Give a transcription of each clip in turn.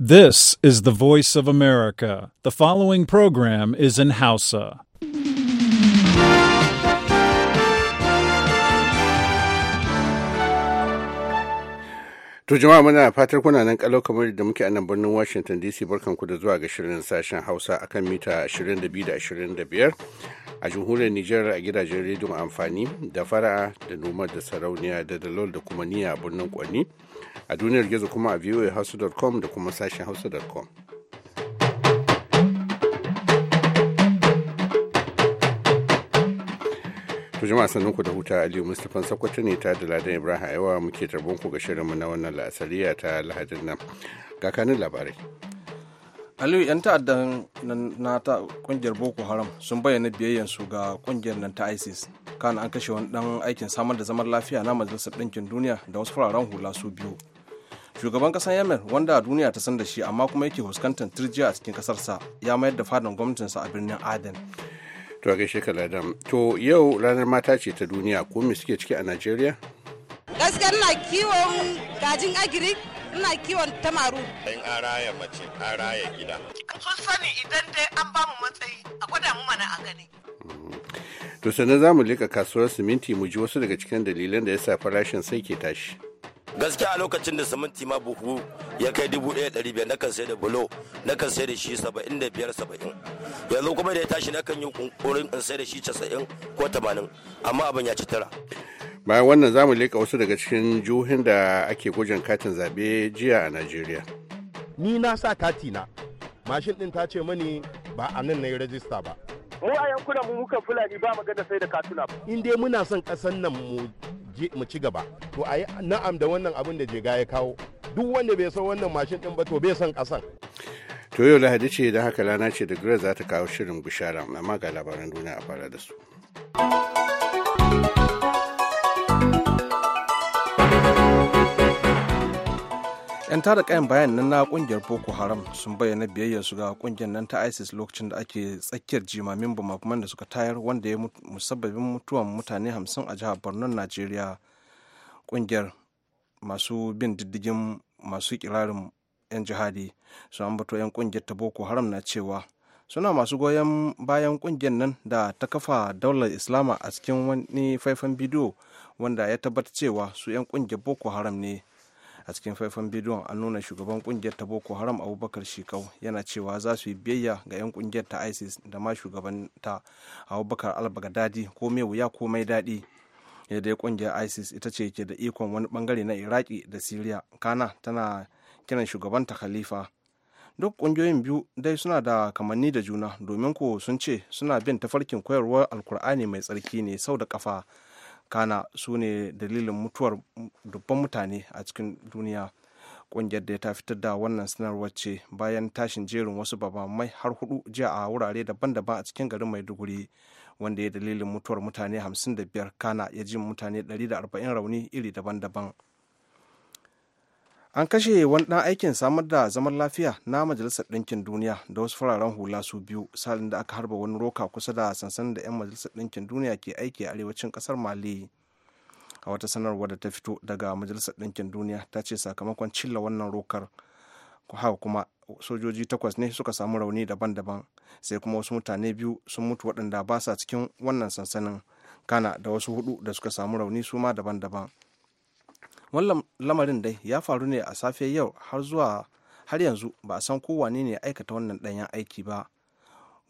This is the voice of America. The following program is in Hausa. To jama'a muna fatar kuna nan kalau kamar da muke a nan birnin Washington DC barkanku da zuwa ga shirin sashen Hausa akan mita 22 da 25 a jamhuriyar nijar a gidajen rediyon amfani da fara'a da noma da sarauniya da dalol da kuma niyya a birnin kwanni a duniyar gizo kuma a voahouse.com da kuma sashen hausa.com to jama'a sannan ku da huta aliyu mustapha sakwato ne ta da ladan ibrahim ayawa muke tarbon ku ga shirinmu na wannan la'asariya ta lahadin nan ga kanin labarai aliyu yan ta'addan na ta kungiyar boko haram sun bayyana biyayyansu ga kungiyar nan ta isis kan an kashe wani dan aikin samar da zaman lafiya na majalisar ɗinkin duniya da wasu fararen hula su biyu shugaban ƙasar yemen wanda duniya ta san da shi amma kuma yake fuskantar turjiya a cikin ƙasarsa, ya mayar da fadan gwamnatinsa a birnin aden to gaishe ka ladan to yau ranar mata ce ta duniya ko me suke ciki a najeriya gaskiya na kiwon gajin agirik ina kiwon tamaru in an raya mace an raya gida sun sani idan dai an bamu matsayi a gwada mu mana a gani mm-hmm. to sai za mu lika kasuwar siminti mu ji wasu daga cikin dalilan da ya sa farashin sai ke tashi gaskiya a lokacin da siminti ma buhu ya kai dubu ɗaya ɗari biyar nakan sai da bulo nakan sai da shi saba'in da biyar saba'in yanzu kuma da ya tashi nakan yi kunkurin in sai da shi casa'in ko tamanin amma abin ya ci tara bayan wannan zamu leka wasu daga cikin juhin da ake gwajin katin zaɓe jiya a najeriya ni na sa kati na mashin ɗin ta ce mani ba a nan na yi rajista ba mu a yankunan mu muka fulani ba gada sai da katuna in dai muna son ƙasan nan mu ci gaba to a na'am da wannan abin da jega ya kawo duk wanda bai san wannan mashin ɗin ba to bai son ƙasan to yau lahadi ce da haka lana ce da gura za ta kawo shirin bishara amma ga labaran duniya a fara da su 'yan tada kayan bayan nan na kungiyar boko haram sun bayyana su ga kungiyar nan ta isis lokacin da ake tsakiyar jimamin bumabuman da suka tayar wanda ya musabbabin mutuwan mutane hamsin a jihar borno najeriya kungiyar masu bin diddigin masu kirarin 'yan jihadi su ambato 'yan kungiyar ta boko haram na cewa suna masu goyon bayan kungiyar nan da ta kafa daular islama a cikin wani faifan bidiyo wanda ya tabbata cewa su 'yan kungiyar boko haram ne a cikin faifan bidiyon an nuna shugaban kungiyar ta boko haram abubakar shekau yana cewa za su yi biyayya ga 'yan kungiyar ta isis da ma shugaban ta abubakar albagadadi ko mai wuya ko mai daɗi yadda kungiyar isis ita ce ke da ikon wani bangare na iraki da siriya kana tana kiran shugabanta khalifa duk kungiyoyin biyu dai suna da kamanni da juna domin ko sun ce suna bin tafarkin koyarwar alkur'ani mai tsarki ne sau da kafa kana su ne dalilin mutuwar dubban mutane a cikin duniya ƙungiyar da ta fitar da wannan sanarwar ce bayan tashin jerin wasu babamai har hudu jiya a wurare daban-daban a cikin garin maiduguri wanda ya dalilin mutuwar mutane 55 kana ya ji mutane 140 rauni iri daban-daban an kashe wani ɗan aikin samar da zaman lafiya na majalisar ɗinkin duniya da wasu fararen hula su biyu salin da aka harba wani roka kusa da sansanin da 'yan majalisar ɗinkin duniya ke aiki a arewacin ƙasar mali a wata sanarwa da ta fito daga majalisar ɗinkin duniya ta ce sakamakon cilla wannan rokar haka kuma sojoji takwas ne suka samu rauni daban-daban sai kuma wasu mutane biyu sun mutu waɗanda ba sa cikin wannan sansanin kana da wasu hudu da suka samu rauni su ma daban-daban wannan lamarin dai ya faru ne a safe yau har zuwa har yanzu ba a san kowane ne aikata wannan ɗanyen aiki ba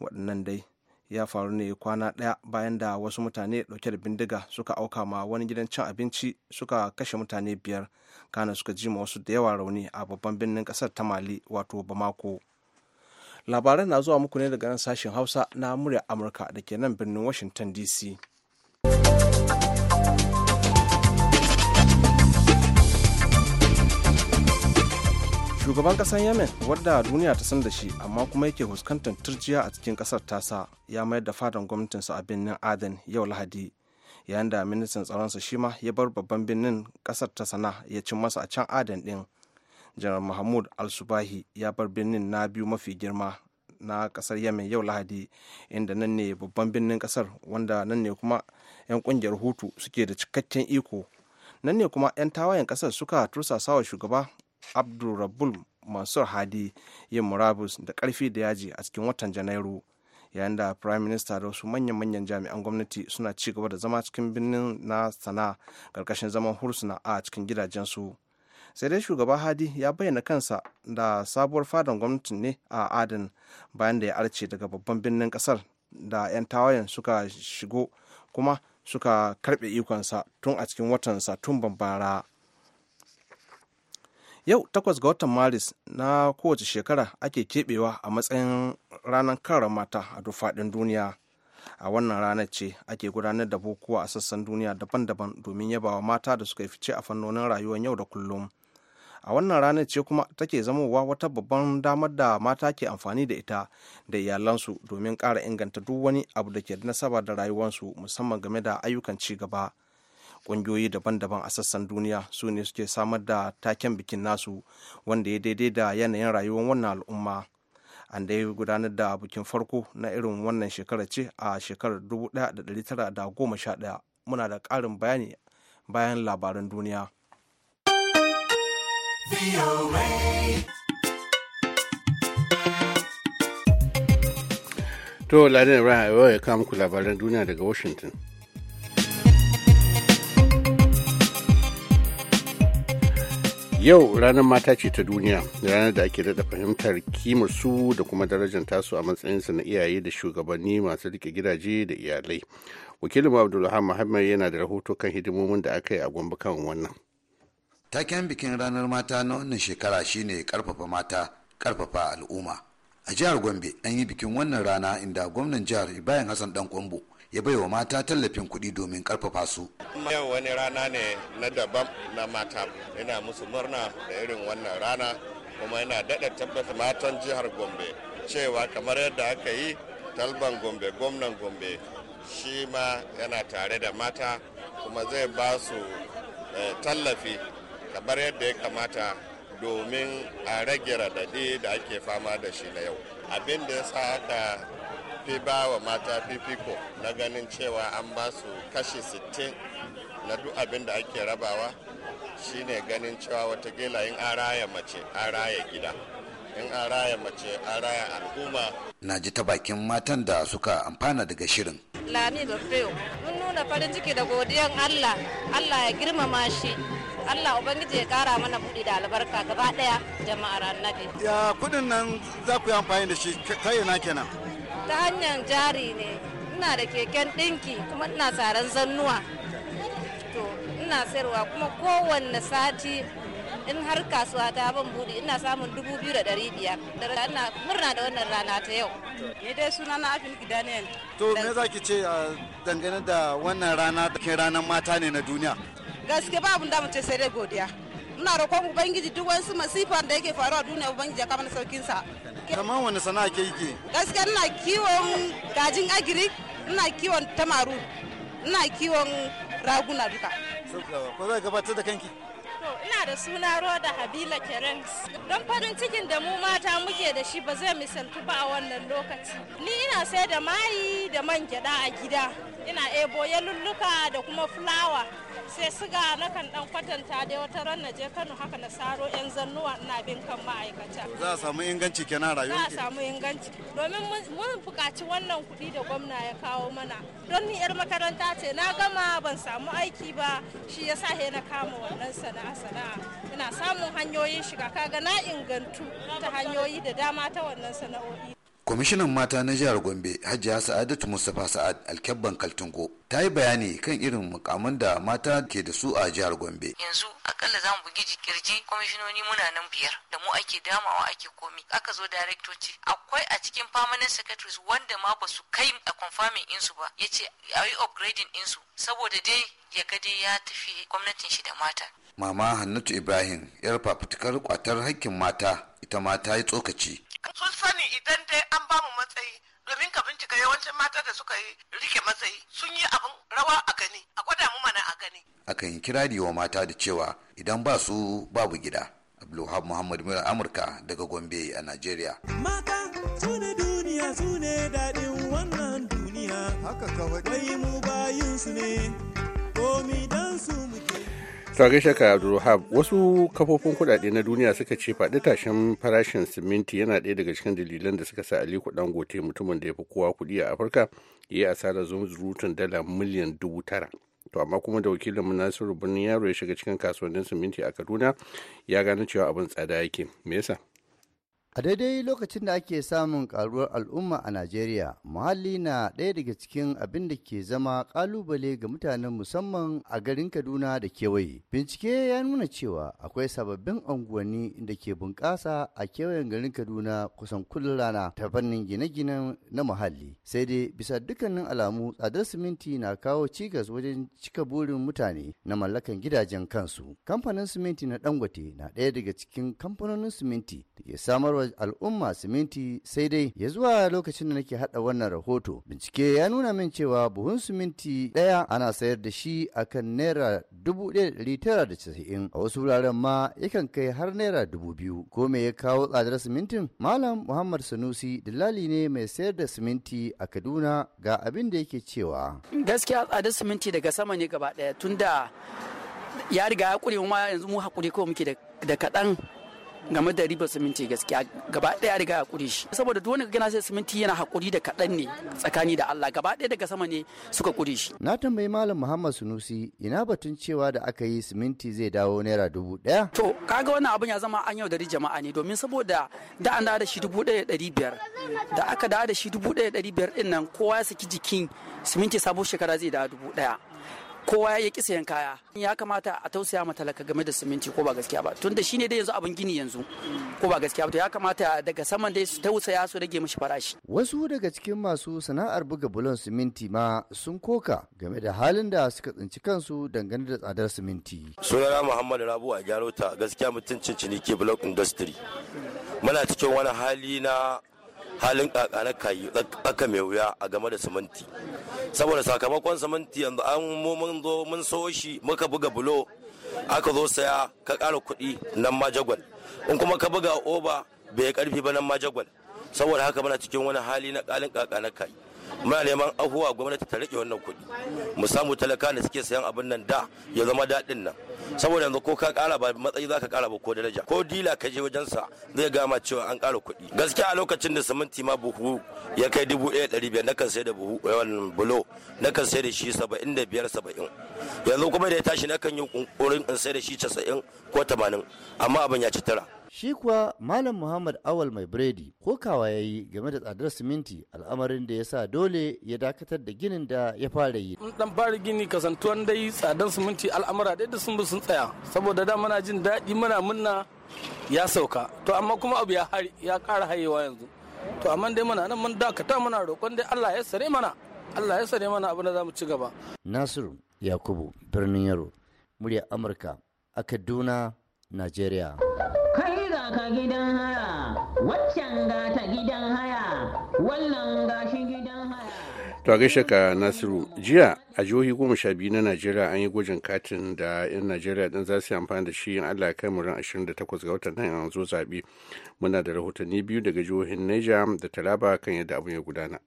waɗannan dai ya faru ne kwana ɗaya bayan da wasu mutane ɗauke da bindiga suka auka ma wani gidan cin abinci suka kashe mutane biyar kana suka ji ma wasu da yawa rauni a babban birnin ƙasar ta mali wato bamako labaran na zuwa muku ne daga nan sashen hausa na murya amurka da ke nan birnin washington dc shugaban kasar yemen wadda duniya ta san da shi amma kuma yake fuskantar turjiya a cikin kasar tasa ya mayar da fadan gwamnatinsa a birnin aden yau lahadi yayin da ministan tsaronsa shi ma ya bar babban birnin kasar ta sana ya cin masa a can aden din janar mahmud al-subahi ya bar birnin na biyu mafi girma na kasar yemen yau lahadi inda nan ne babban birnin kasar wanda nan ne kuma 'yan kungiyar hutu suke da cikakken iko nan ne kuma 'yan tawayen kasar suka tursasa wa shugaba abdulrabul mansur hadi yin murabus da karfi da yaji a cikin watan janairu yayin da prime minister da wasu manyan-manyan jami'an gwamnati suna ci gaba da zama cikin birnin na sana'a karkashin zaman hursuna a cikin gidajensu sai dai shugaba hadi ya bayyana kansa da sabuwar fadan gwamnatin ne a adin bayan da ya arce daga babban birnin kasar da 'yan tawayen suka shigo kuma suka karbe ikonsa tun a cikin watan satumban bara. yau takwas ga watan maris na kowace shekara ake keɓewa a matsayin ranar kara mata a duk duniya a wannan ranar ce ake gudanar da bukuwa a sassan duniya daban-daban domin yabawa mata da suka fice a fannonin rayuwar yau da kullum a wannan ranar ce kuma take zamowa wata babban damar da mata ke amfani da ita da iyalansu domin ƙara inganta duk wani abu da ke da nasaba da rayuwarsu musamman game da ayyukan ci gaba. ƙungiyoyi daban-daban a sassan duniya su ne suke samar da taken bikin nasu wanda ya daidai da yanayin rayuwar wannan al'umma an da gudanar da bikin farko na irin wannan shekara ce a shekarar 1911 muna da ƙarin bayani bayan labaran duniya. To, Ladin Ibrahim ya kama muku labaran duniya daga Washington. yau ranar mata ce ta duniya ranar da ake daɗa fahimtar kimar su da kuma darajar tasu a matsayinsu na iyaye da shugabanni masu rike gidaje da iyalai wakilin abdulhamid muhammad yana da rahoto kan hidimomin da aka yi a gombe kan wannan taken bikin ranar mata na wannan shekara shine karfafa mata karfafa al'umma a jihar gombe an yi bikin wannan rana inda gwamnan jihar ibrahim hassan dan kwambo ya baiwa mata tallafin kuɗi domin ƙarfafa su. Yau wani rana ne na daban na mata ina musu murna da irin wannan rana kuma ina daɗa tabbata matan jihar Gombe cewa kamar yadda aka yi talban Gombe gwamnan Gombe shi ma yana tare da mata kuma zai ba su eh, tallafi kamar yadda ya kamata domin a rage radadi da ake fama da shi na yau abin da ya sa aka fi ba wa mata fifiko na ganin cewa an ba su kashi 60 na duk abin da ake rabawa shine ganin cewa watakila in an raya mace an raya gida in an raya mace an raya al'umma na ji ta bakin matan da suka amfana daga shirin lami feo mun nuna farin ciki da godiyan allah allah ya girmama shi Allah Ubangiji ya kara mana buɗi da albarka gaba daya jama'ar annabi. Ya kuɗin nan za ku yi amfani da shi ta yana kenan. ta hanyar jari ne ina da keken ɗinki kuma ina tsaron zannuwa to ina sayarwa kuma kowanne sati in har kasuwa ta ban bude ina samun dubu biyu da ɗari biyar ina murna da wannan rana ta yau ni dai suna na abin daniel to me za ki ce dangane da wannan rana da ranar mata ne na duniya gaske ba abin da mace sai dai godiya muna roƙon ubangiji duk wasu masifan da yake faruwa duniya ubangiji ya kama saukin sa Kamar wani sana'a ke yi Gaskiya ina kiwon gajin agiri, ina kiwon tamaru, ina kiwon raguna duka. Ko zai gabatar da kanki? ina da suna Roda Habila Kerens. Don farin cikin da mu mata muke da shi ba zai misaltu ba a wannan lokaci. Ni ina sai da mayi da man gyada a gida. Ina ebo lulluka da kuma fulawa. sai siga na kan dan kwatanta da wata ran na je Kano haka na saro yan zannuwa ina bin kan ma'aikata. Za a samu inganci kenan rayuwa. Za a samu inganci domin mun buƙaci wannan kuɗi da gwamna ya kawo mana don ni yar makaranta ce na gama ban samu aiki ba shi yasa he na kama wannan sana'a sana'a ina samun hanyoyin shiga kaga na ingantu ta hanyoyi da dama ta wannan sana'o'i. kwamishinan mata na jihar gombe hajiya sa'adatu mustapha sa'ad alkyabban kaltungo ta yi bayani kan irin mukaman da mata ke da su a jihar gombe yanzu akalla za mu bugi kirji kwamishinoni muna nan biyar da mu ake damawa ake komi aka zo darektoci akwai a cikin permanent secretaries wanda ma ba su kai a confirming insu ba ya ce a yi upgrading insu saboda dai ya ga dai ya tafi gwamnatin shi da mata mama hannatu ibrahim yar fafutukar kwatar hakkin mata ita ma ta yi tsokaci sun sani idan dai an ba mu matsayi domin ka bincika yawancin mata da suka yi rike matsayi sun yi abin rawa a gani a gwada mu mana a gani akan kirari wa mata da cewa idan ba su babu gida abdulhab muhammad mura amurka daga gombe a nigeria mata su ne duniya su ne daɗin wannan duniya haka kawai mu bayin su ne ta gaishe ka Abdulwahab wasu kafofin kuɗaɗe na duniya suka ce faɗi tashin farashin siminti yana ɗaya daga cikin dalilan da suka sa Aliko Dangote mutumin da ya fi kowa kuɗi a Afirka ya yi asarar zurutun dala miliyan dubu tara. To amma kuma da wakilin mu Nasiru Birnin Yaro ya shiga cikin kasuwannin siminti a Kaduna ya gano cewa abin tsada yake. Me yasa? A daidai lokacin da ake samun karuwar al'umma a Najeriya, muhalli na ɗaya daga cikin abin da ke zama ƙalubale ga mutanen musamman a garin Kaduna da kewaye. Bincike ya nuna cewa akwai sababbin unguwanni da ke bunƙasa a kewayen garin Kaduna kusan kullum rana ta fannin gine-gine na muhalli. Sai dai bisa dukkanin alamu tsadar siminti na kawo cikas wajen cika burin mutane na mallakan gidajen kansu. Kamfanin siminti na Dangote na ɗaya daga cikin kamfanonin siminti da ke samarwa al'umma siminti sai dai ya zuwa lokacin da nake haɗa wannan rahoto bincike ya nuna min cewa buhun siminti ɗaya ana sayar da shi a kan naira dubu ɗaya da casa'in a wasu wuraren ma yakan kai har naira dubu biyu ko me ya kawo tsadar simintin malam muhammad sanusi dillali ne mai sayar da siminti a kaduna ga abin da yake cewa gaskiya tsadar siminti daga sama ne gaba ɗaya tunda ya riga ya kure ma yanzu mu hakuri kawai muke da kaɗan game da ribar siminti gaskiya gaba daya riga ya kure shi saboda duk wani gana sai siminti yana hakuri da kaɗan ne tsakani da Allah gaba daya daga sama ne suka kure shi na tambayi malam Muhammad Sunusi ina batun cewa da aka yi siminti zai dawo naira dubu daya to kaga wannan abin ya zama an yau da jama'a ne domin saboda da an da shi dubu daya dari biyar da aka da da shi dubu daya dari biyar din kowa ya saki jikin siminti sabo shekara zai dawo dubu daya kowa ya ƙi sayan kaya ya kamata a tausaya ma talaka game da siminti ko ba gaskiya ba tunda shine dai yanzu abin gini yanzu ko ba gaskiya ba ya kamata daga saman dai su tausaya su rage mishi farashi wasu daga cikin masu sana'ar buga bulon siminti ma sun koka game da halin da suka tsinci kansu dangane da tsadar siminti sunana muhammad rabu a gyarota gaskiya mutuncin ciniki block industry muna cikin wani hali na halin kakana kayi tsaka mai wuya a game da siminti saboda sakamakon siminti yanzu an mun zo mun so shi muka buga bulo aka zo saya ka ƙara kuɗi nan ma in kuma ka buga oba bai karfi ba nan ma saboda haka muna cikin wani hali na kalin kakana kayi muna neman afuwa gwamnati ta rike wannan kuɗi mu samu talaka da suke sayan abin nan da ya zama daɗin nan saboda yanzu ko ka ƙara ba matsayi za ka ƙara ba ko daraja ko dila ka je wajen sa zai gama cewa an ƙara kuɗi gaskiya a lokacin da siminti ma buhu ya kai dubu ɗaya ɗari biyar nakan sai da buhu yawan eh, bulo nakan sai da shi saba'in da biyar saba'in yanzu kuma da ya tashi nakan yi ƙunƙurin in sai da shi casa'in ko tamanin amma abin ya ci tara Shi kuwa Malam Muhammad Awal mai biredi ko kawa ya yi game da tsadar siminti al'amarin da ya sa dole ya dakatar da ginin da ya fara yi. in dan fara gini kasantuwan dai tsadar siminti al'amura dai da sun bi sun tsaya saboda da muna jin daɗi muna munna ya sauka to amma kuma abu ya ya ƙara hayewa yanzu to amma dai muna nan mun dakata muna roƙon dai Allah ya sare mana Allah ya sare mana abu da za mu ci gaba. Nasiru Yakubu birnin Yaro murya Amurka a Kaduna Najeriya. ka gidan haya, waccan ga ta gidan haya, wannan ga shi gidan haya. To gaishe ka Nasiru, jiya a jihohi goma sha biyu na Najeriya an yi gwajin katin da 'yan Najeriya din za su yi amfani da shi in Allah ya kai mu ran 28 ga watan nan yanzu zaɓe. Muna da rahotanni biyu daga jihohin Niger da talaba kan yadda abin ya gudana.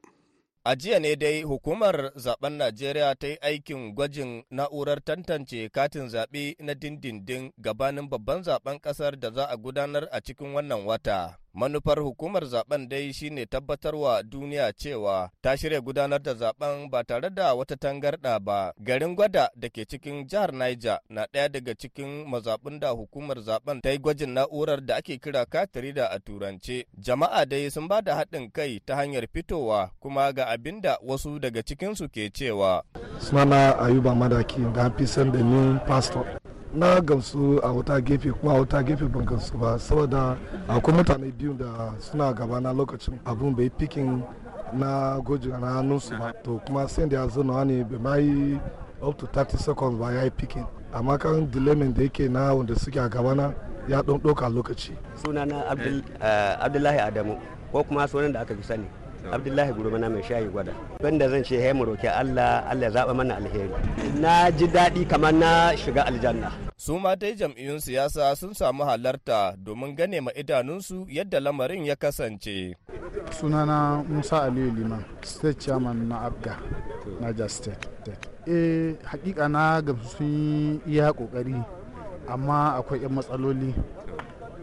A jiya ne dai hukumar zaben Najeriya ta yi aikin gwajin na'urar tantance katin zaɓe na dindindin gabanin babban zaben ƙasar da za a gudanar a cikin wannan wata. Manufar hukumar zaben dai shine tabbatarwa duniya cewa ta shirya gudanar da zaben ba tare da wata tangarɗa ba. Garin gwada da ke cikin jihar Niger na ɗaya daga cikin mazaɓin da hukumar zaben ta yi gwajin na'urar da ake kira katirida a turance. Jama'a dai sun ba da haɗin kai ta hanyar fitowa kuma ga abin da wasu daga cikinsu ke cewa. Sunana Ayuba Madaki da fi da ni pastor. na gamsu a wata gefe kuma wata gefe ban gamsu ba saboda akwai mutane biyu da suna gaba na lokacin abun bai pikin na gojiga na hannunsu ba to kuma sai da ya zana wani bai ma yi up to 30 seconds ba ya yi pikin amma kan dilemin da yake na wanda suke a gaba na ya ɗan ɗauka lokaci sunana eh, abdullahi adamu ko kuma sunan da aka fi sani abdullahi na mai shayi gwada banda zan ce hey mu roki allah allah ya zaɓa mana alheri na ji daɗi kamar na shiga aljanna su ma jam'iyyun siyasa sun samu halarta domin gane ma idanunsu yadda lamarin ya kasance sunana musa aliyu liman state chairman na abga niger state E, hakika na gamsu sun yi iya kokari amma akwai 'yan matsaloli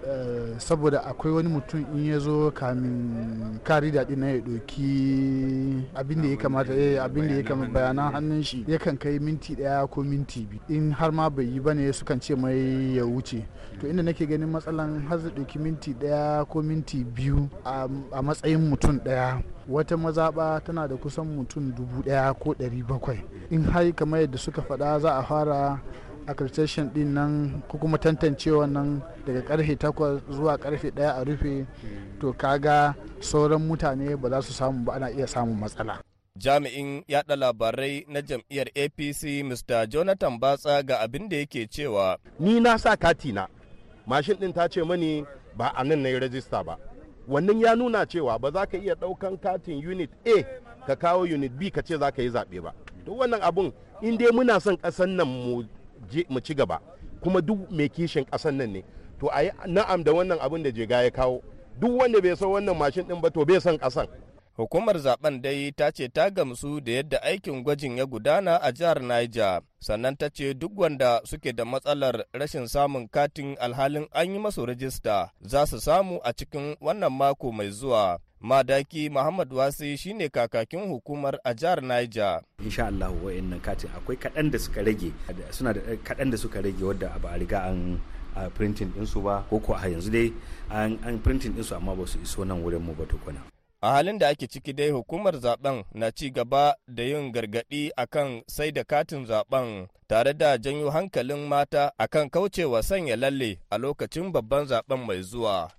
Eh, saboda akwai wani mutum in ya zo kamin kari daɗi na ya ɗoki abin ya kamata eh, ya abin ya kamata bayanan hannun shi yakan kai minti ɗaya ko minti biyu in har ma bai yi ba bane sukan ce mai ya wuce to inda nake ganin matsalan har zai ɗauki minti ɗaya ko minti biyu a matsayin mutum ɗaya wata mazaɓa tana da kusan mutum dubu ɗaya ko ɗari bakwai in har kamar yadda suka faɗa za a fara accreditation din nan ko kuma tantancewa nan daga karfe 8 zuwa karfe 1 a rufe to kaga sauran mutane ba za su samu ba ana iya samun matsala jami'in yada labarai na jam'iyyar apc mr jonathan batsa ga abin da yake cewa ni na sa kati na mashin din ta ce mani ba a nan na yi rajista ba wannan ya nuna cewa ba za ka iya daukan katin unit a ka kawo unit b ka ce za ka yi zaɓe ba duk wannan abun in dai muna son ƙasan nan mu mu ci gaba kuma duk mai kishin kasan nan ne to a yi na'am da wannan abin da jega ya kawo duk wanda bai san wannan mashin ɗin ba to bai san kasan. hukumar zaben dai ta ce ta gamsu da yadda aikin gwajin ya gudana a jihar Niger sannan ta ce duk wanda suke da matsalar rashin samun katin alhalin an yi masu rajista za su samu a cikin wannan mako mai zuwa Madaki Muhammad Wasi shine kakakin hukumar a jihar Niger. Insha Allah nan katin akwai kaɗan da suka rage suna da kaɗan da suka rage wadda ba a riga an a printing ɗinsu ba ko ko a yanzu dai an printing ɗinsu amma ba su iso nan wurin mu ba tukuna. A halin da ake ciki dai hukumar zaben na ci gaba da yin gargaɗi akan sai da katin zaben tare da janyo hankalin mata akan kaucewa sanya lalle a lokacin babban zaben mai zuwa.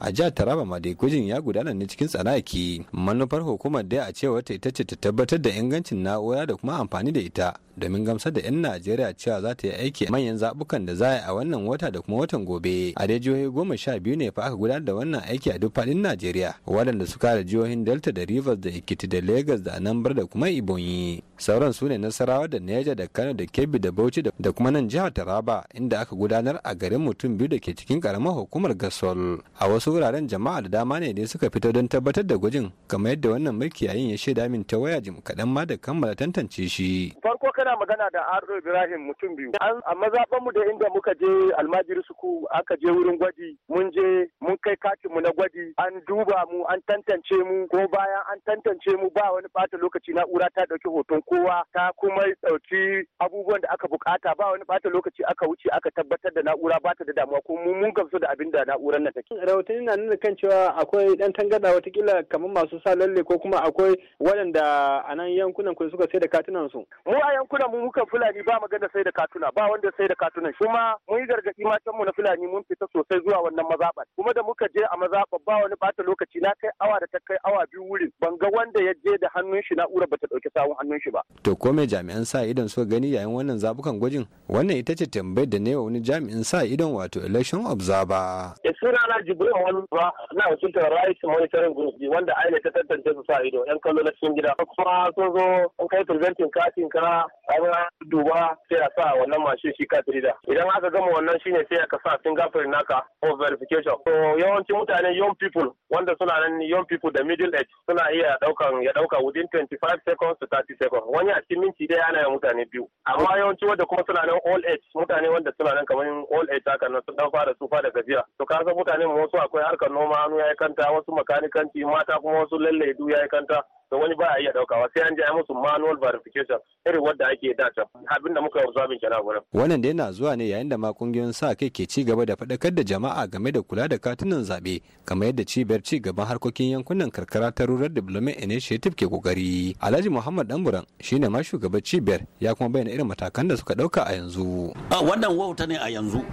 a jihar taraba ma ya gudana ne cikin tsanaki manufar hukumar dai a cewar ta ita ce ta tabbatar da ingancin na'ura da kuma amfani da ita domin gamsar da 'yan najeriya cewa za ta yi aiki manyan zabukan da za a yi a wannan wata da kuma watan gobe a dai jihohi goma sha biyu ne fa aka gudanar da wannan aiki a duk faɗin najeriya waɗanda suka da jihohin delta da rivers da ikiti da lagos da anambra da kuma ibonyi sauran su ne nasarawa da Niger da kano da kebbi da bauchi da kuma nan jihar taraba inda aka gudanar a garin mutum biyu da ke cikin karamar hukumar gasol a wasu wuraren jama'a da dama ne da suka fito don tabbatar da gwajin kamar yadda wannan makiyayin ya shaida min ta waya jim kaɗan ma da kammala tantance shi. farko kana magana da ardo ibrahim mutum biyu an a mu da inda muka je almajiri suku aka je wurin gwaji mun je mun kai katin mu na gwaji an duba mu an tantance mu ko bayan an tantance mu ba wani bata lokaci na'ura ta ɗauki hoton kowa ta kuma ɗauki abubuwan da aka bukata ba wani ɓata lokaci aka wuce aka tabbatar da na'ura ba ta da damuwa ko mun gamsu da abin da na'urar nan take. rahotanni na nuna kan cewa akwai dan tangada watakila kamar masu sa lalle ko kuma akwai waɗanda a nan yankunan ku suka sai da katunan su. Mu a yankunan mu muka Fulani ba magana sai da katuna ba wanda sai da katunan shi. ma mun yi gargaɗi matan mu na Fulani mun fita sosai zuwa wannan mazaɓar kuma da muka je a mazaɓar ba wani bata lokaci na kai awa da ta kai awa biyu wurin ban ga wanda ya je da hannun shi na'urar bata ɗauki sawun hannun shi ba. To ko me jami'an sa idan suka gani yayin wannan zabukan gwajin wannan ita ce tambayar da ne wani jami'in sa idan wato election observer. Eh, sunana Jibril wani ba na wakiltar rights monitoring group wanda aina ta tantance su sa ido yan kallo na cikin gida kuma sun zo an kai presenting katin ka an duba sai a sa wannan mashin shi ka da idan aka gama wannan shine sai aka sa fingerprint naka for verification so yawancin mutane young people wanda suna nan young people da middle age suna iya daukan ya dauka within 25 seconds to 30 seconds wani a cikin minti dai ana mutane biyu amma yawanci wanda kuma suna nan old age mutane wanda suna nan kamar old age haka nan sun dan fara tsufa da gajiya to ka san mutane mu wasu akwai harkar noma hannu ya yi kanta wasu makanikanci mata kuma wasu lallaidu ya yi kanta to wani ba a iya daukawa sai an je ai musu manual verification irin wadda ake da can abinda muka yi zabin na gurin wannan da yana zuwa ne yayin da ma kungiyoyin sa kai ke ci gaba da faɗakar da jama'a game da kula da katunan zaɓe kamar yadda cibiyar ci gaban harkokin yankunan karkara ta rural development initiative ke kokari alhaji muhammad danburan shine ma shugaban cibiyar ya kuma bayyana irin matakan da suka ɗauka a yanzu wannan wauta ne a yanzu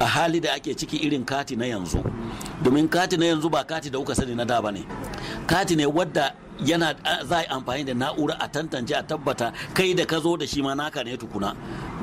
a hali da ake ciki irin kati na yanzu domin kati na yanzu ba kati da kuka sani na da ba ne kati ne wadda yana za a amfani da na'ura a tantance a tabbata kai da ka zo da shi ma naka ne tukuna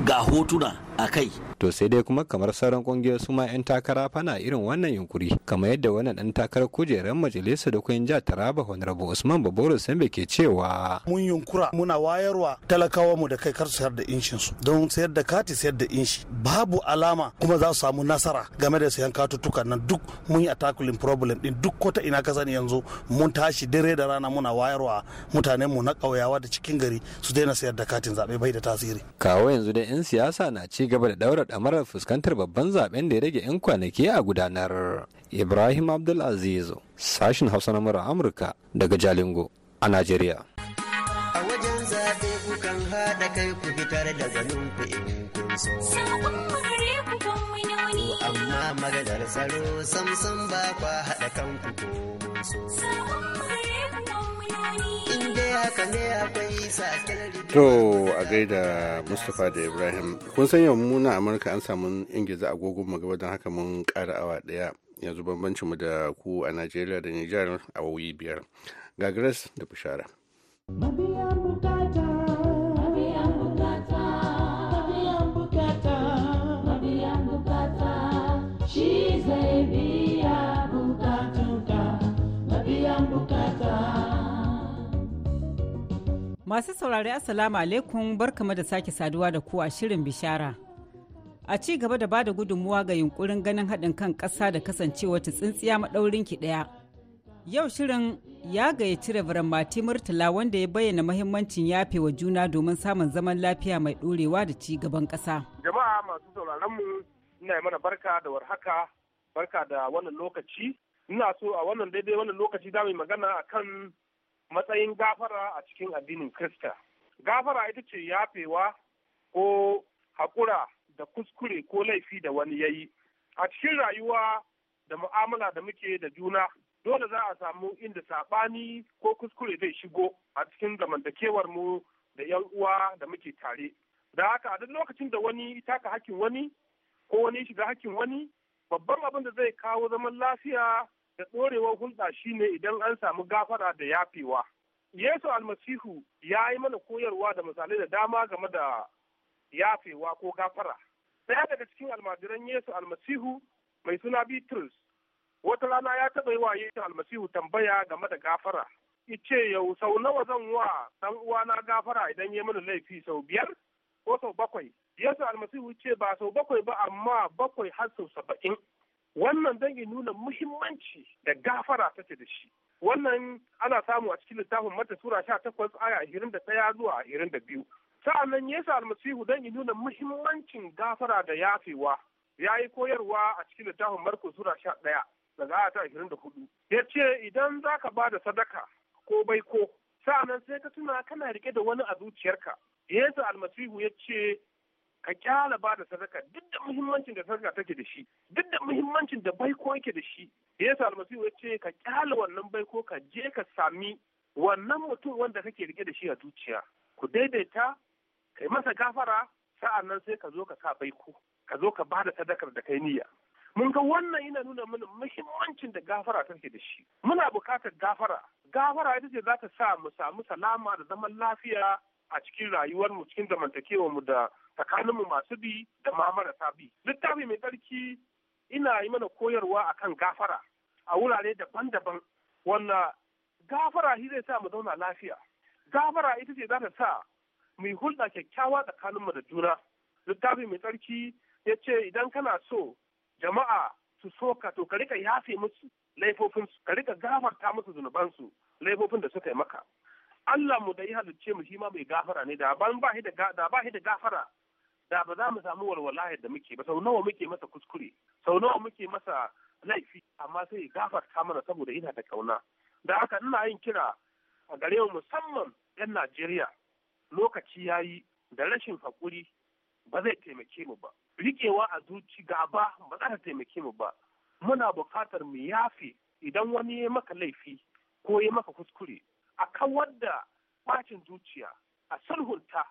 ga hotuna a kai to sai dai kuma kamar sauran kungiyoyi su ma 'yan takara fana irin wannan yunkuri kamar yadda wannan dan takarar kujerar majalisa da kuyin ja taraba honorable usman baboro sambe ke cewa mun yunkura muna wayarwa talakawa mu da kai kar su sayar da inshin su don sayar da kati sayar da inshi babu alama kuma za su samu nasara game da sayan katuttukan nan duk mun yi a takulin problem din duk kota ina ka sani yanzu mun tashi dare da rana muna ana wayarwa mutanen mu na ƙauyawa da cikin gari su daina sayar da katin zaɓe bai da tasiri kawo yanzu da 'yan siyasa na ci gaba da daura ɗamarar fuskantar babban zaben da ya rage 'yan kwanaki a gudanar ibrahim abdulaziz sashin hausa na mura amurka daga jalingo a najeriya a wajen zaɓe haɗa kai ku fitar da zanen ku in kun so amma maganar tsaro samsam ba kwa haɗa kanku ko mun so. To a gaida Mustapha da Ibrahim. Kun san yau muna Amurka an samu ingiza agogon magaba don haka mun ƙara awa ɗaya yanzu bambancinmu da ku a Najeriya da Nijar a biyar. Ga da Bishara. Masu saurari Assalamu alaikum barkama da sake saduwa da ku a shirin bishara. A ci gaba da bada gudunmuwa ga yunkurin ganin haɗin kan ƙasa da kasancewa ta tsintsiya maɗaurin ki ɗaya. Yau shirin ya gayyaci Reverend Mati Murtala wanda ya bayyana mahimmancin yafe wa juna domin samun zaman lafiya mai ɗorewa da ci gaban ƙasa. Jama'a masu sauraron mu ina mana barka da warhaka, barka da wannan lokaci. Ina so a wannan daidai wannan lokaci za mu yi magana akan matsayin gafara a cikin addinin Krista. Gafara ita ce yafewa ko haƙura da kuskure ko laifi da wani yayi A cikin rayuwa da mu'amala da muke da juna, dole za a samu inda saɓani ko kuskure zai shigo a cikin zamantakewar mu da 'yan uwa da muke tare. Da haka a duk lokacin da wani taka hakkin wani ko wani shiga hakkin wani, babban abin da zai kawo zaman lafiya da ɗorewar hulɗa shine idan an samu gafara da yafewa. Yesu almasihu ya yi mana koyarwa da misalai da dama game da yafewa ko gafara. Ɗaya daga cikin almajiran Yesu almasihu mai suna Bitrus wata rana ya taɓa yi wa Yesu almasihu tambaya game da gafara. Ice yau sau nawa zan wa ɗan uwana gafara idan ya mana laifi sau biyar ko sau bakwai. Yesu almasihu ce ba sau bakwai ba amma bakwai har sau saba'in. wannan don yi nuna muhimmanci da gafara take da shi wannan ana samu a cikin littafin mata sura sha takwas aya ashirin da ɗaya zuwa ashirin da biyu sa'annan yesu almasihu don yi nuna muhimmancin gafara da yafewa ya yi koyarwa a cikin littafin marko sura sha ɗaya daga aya ta ashirin da hudu ya ce idan za ka ba da sadaka ko baiko sa'annan sai ka tuna kana rike da wani a zuciyarka yesu almasihu ya ce ka kyala ba da sadaka duk da muhimmancin da sadaka take da shi duk da muhimmancin da baiko yake da shi yasa almasihu ya ce ka kyala wannan baiko ka je ka sami wannan mutum wanda kake rike da shi a zuciya ku daidaita kai masa gafara sa'an nan sai ka zo ka sa baiko ka zo ka ba da sadakar da kai niyya mun ga wannan yana nuna mana muhimmancin da gafara take da shi muna bukatar gafara gafara ita ce za ta sa mu samu salama da zaman lafiya a cikin rayuwarmu cikin mu da tsakaninmu masu bi da ma marasa bi. Littafi mai tsarki ina yi mana koyarwa akan gafara a wurare daban-daban Wannan gafara shi zai sa mu zauna lafiya. Gafara ita ce za ta sa mu hulɗa kyakkyawa tsakaninmu da juna. Littafi mai tsarki ya ce idan kana so jama'a su so ka to ka rika yafe musu laifofinsu ka rika gafarta musu zunubansu laifofin da suka yi maka. Allah mu da ya halicce mu shi ma mai gafara ne da ba shi da gafara da ba za mu samu walwala yadda muke ba sau nawa muke masa kuskure sau nawa muke masa laifi amma sai ya gafarta mana saboda ina da kauna da haka ina yin kira a gare mu musamman yan Najeriya lokaci yayi da rashin hakuri ba zai taimake mu ba riƙewa a zuci gaba ba za ta taimake mu ba muna buƙatar mu yafe idan wani ya maka laifi ko ya maka kuskure a kawar da bacin zuciya a sulhunta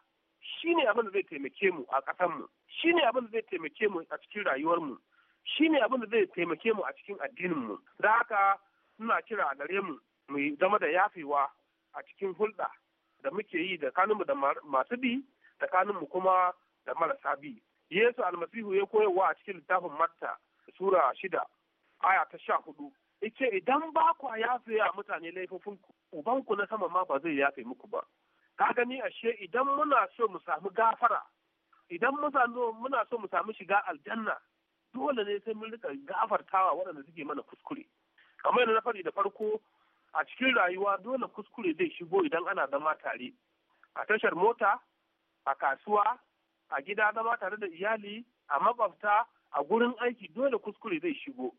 shi ne abin da zai taimake mu a ƙasanmu shi ne abin da zai taimake mu a cikin rayuwarmu shi ne abin da zai taimake mu a cikin addininmu da haka suna kira gare mu mu zama da yafewa a cikin hulɗa da muke yi da kanunmu da masu bi da kanunmu kuma da marasa bi yesu almasihu ya koyarwa a cikin littafin matta sura shida aya ta sha hudu ice idan ba ku yafe a mutane laifofinku ubanku na sama ma ba zai yafe muku ba ka gani ashe idan muna so mu samu gafara idan muna so mu samu shiga aljanna dole ne sai mun rika gafartawa waɗanda suke mana kuskure kamar yadda na faɗi da farko a cikin rayuwa dole kuskure zai shigo idan ana zama tare a tashar mota a kasuwa a gida zama tare da iyali a makwabta a gurin aiki dole kuskure zai shigo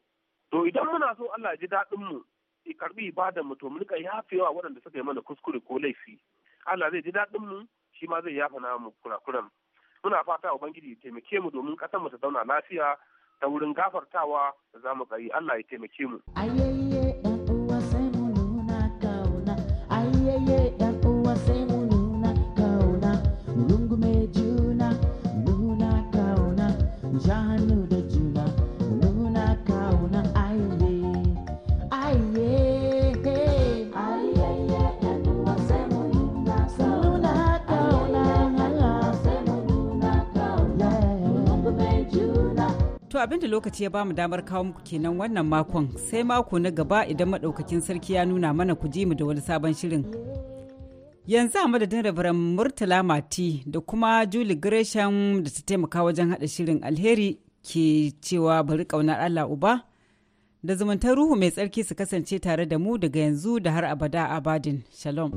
to idan muna so Allah ji daɗin mu i karɓi ibadan mu to mu rika yafewa waɗanda suka yi mana kuskure ko laifi Allah zai ji daɗin mu shi ma zai yafa na mu kurakuran muna fata ubangiji ya taimake mu domin ƙasar mu ta zauna lafiya ta wurin gafartawa da zamu kai Allah ya taimake mu abinda lokaci ya bamu damar kawo muku kenan wannan makon sai mako na gaba idan madaukakin sarki ya nuna mana ku ji mu da wani sabon shirin. Yanzu a madadin rabaran Murtala Mati da kuma Julie Gresham da ta taimaka wajen haɗa shirin alheri ke cewa bari ƙaunar Allah Uba da zumuntar ruhu mai tsarki su kasance tare da mu daga yanzu da har abada abadin. Shalom.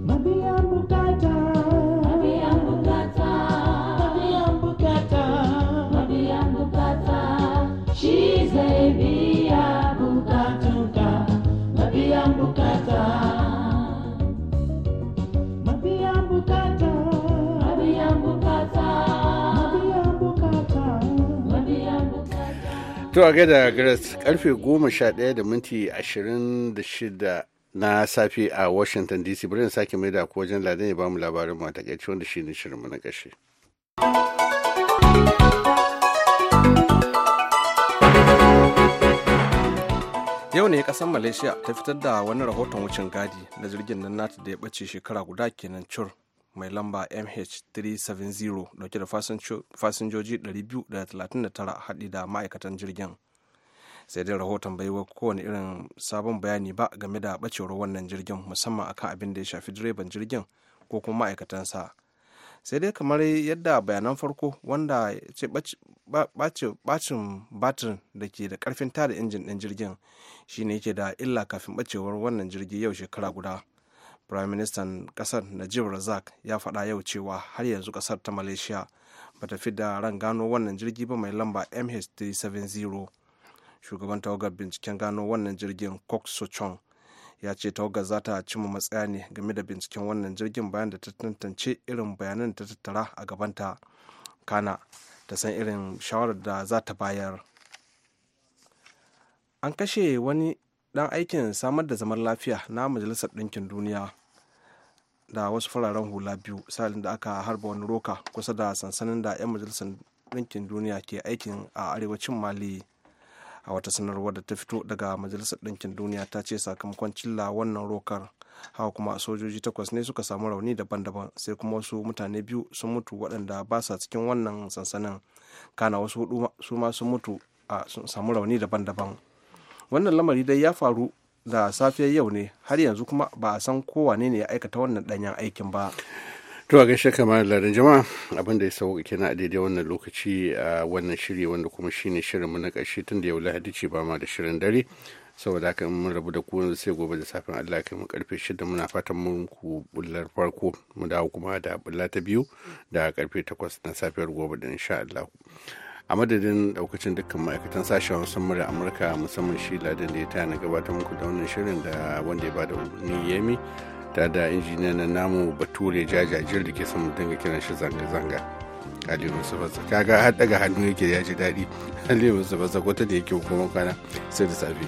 To a gada garas karfe goma sha ɗaya da minti ashirin da shida na safi a Washington DC bari na sake mai da wajen ladan ya bamu labarin mu a takaice wanda shi ne shirinmu na ƙarshe. Yau ne ƙasar Malaysia ta fitar da wani rahoton wucin gadi na jirgin nan nata da ya bace shekara guda kenan cur mai lamba MH370 dauke da fasinjoji 239 haɗi da ma'aikatan jirgin. Sai dai rahoton bai wa kowane irin sabon bayani ba game da ɓacewar wannan jirgin musamman akan abin da ya shafi direban jirgin ko kuma ma'aikatansa. Sai dai kamar yadda bayanan farko wanda ce bacin batir da ke da karfin tada injin ɗin jirgin shine yake da illa kafin bacewar wannan jirgi yau shekara guda. prime minister kasar najib razak ya faɗa yau cewa har yanzu kasar ta malaysia ba ta fi da ran gano wannan jirgi ba mai lamba mh370 shugaban tawagar binciken gano wannan jirgin kok sochong ya ce tawagar za ta cimma matsaya ne game da binciken wannan jirgin bayan da ta tantance irin bayanan ta tattara a gabanta kana ta san irin shawarar da za ta bayar an kashe wani dan aikin samar da zaman lafiya na majalisar ɗinkin duniya da wasu fararen hula biyu sa'ilin da aka harba wani roka kusa da sansanin da 'yan majalisar ɗinkin duniya ke aikin a arewacin mali a wata sanarwar da ta fito daga majalisar ɗinkin duniya ta ce sakamakon cilla wannan rokar haka kuma sojoji takwas ne suka samu rauni daban-daban sai kuma wasu mutane biyu sun mutu waɗanda ba sa cikin wannan sansanin kana wasu hudu su ma sun mutu a samu rauni daban-daban wannan lamari dai ya faru da safiyar yau ne har yanzu kuma ba a san kowane ne ya aikata wannan danyen aikin ba to a gaishe kamar larin jama'a abin da ya sauka kina a daidai wannan lokaci a wannan shiri wanda kuma shine shirin na ƙarshe tun da yau lahadi ce ba ma da shirin dare saboda haka in mun rabu da ku sai gobe da safin Allah kai mu karfe shida muna fatan mun ku bullar farko mu dawo kuma da bulla ta biyu da karfe takwas na safiyar gobe da insha Allah a madadin daukacin dukkan ma'aikatan sashen wasan murya amurka musamman shi ladin da ya tana gabatar muku da wannan shirin da wanda ya bada ya yemi ta da injiniya na namu bature jajajir da ke son mutum dinga kiran shi zanga-zanga aliyu musufa kaga har daga hannu yake ya ji daɗi musufa da yake hukumar kwana sai da safe